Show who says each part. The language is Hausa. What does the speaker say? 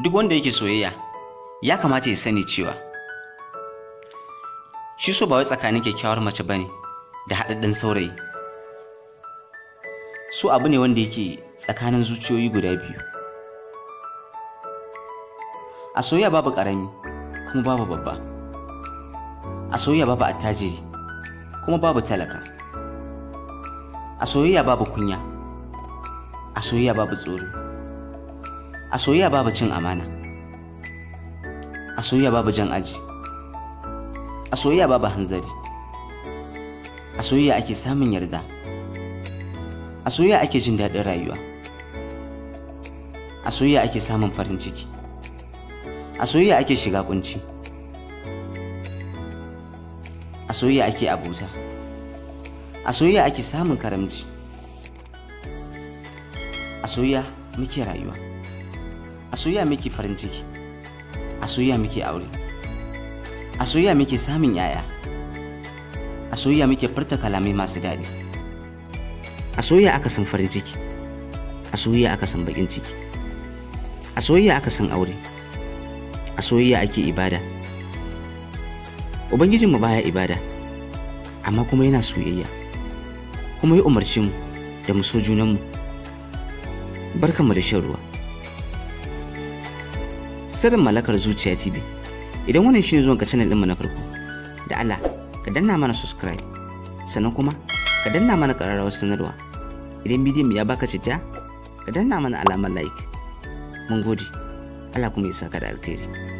Speaker 1: duk wanda yake soyayya ya kamata ya sani cewa shi so ba wai tsakanin kyakkyawar mace ba ne da haɗaɗɗen saurayi so abu ne wanda yake tsakanin zuciyoyi guda biyu a soyayya babu ƙarami kuma babu babba a soyayya babu attajiri kuma babu talaka a soyayya babu kunya a soyayya babu tsoro a soyayya babu cin amana a soyayya babu jan aji a soyayya babu hanzari a soyayya ake samun yarda a soyayya ake jin daɗin rayuwa a soyayya ake samun farin ciki a soyayya ake shiga kunci a soyayya ake abota a soyayya ake samun karamci a soyayya muke rayuwa a soyayya muke farin ciki a soyayya muke aure a soyayya muke samun yaya a soyayya muke furta kalamai masu daɗi a soyayya aka san farin ciki a soyayya aka san bakin ciki a soyayya aka san aure a soyayya ake ibada ubangijinmu baya ibada amma kuma yana soyayya kuma ya umarci mu da mu so junanmu barkanmu da shan ruwa sirrin mallakar zuciya tv idan wannan shine zuwan ka channel ɗinmu na farko da Allah ka danna mana subscribe sannan kuma ka danna mana ƙararrawar sanarwa idan bidiyon ya baka citta ka danna mana alamar like mun gode Allah kuma ya saka da alkhairi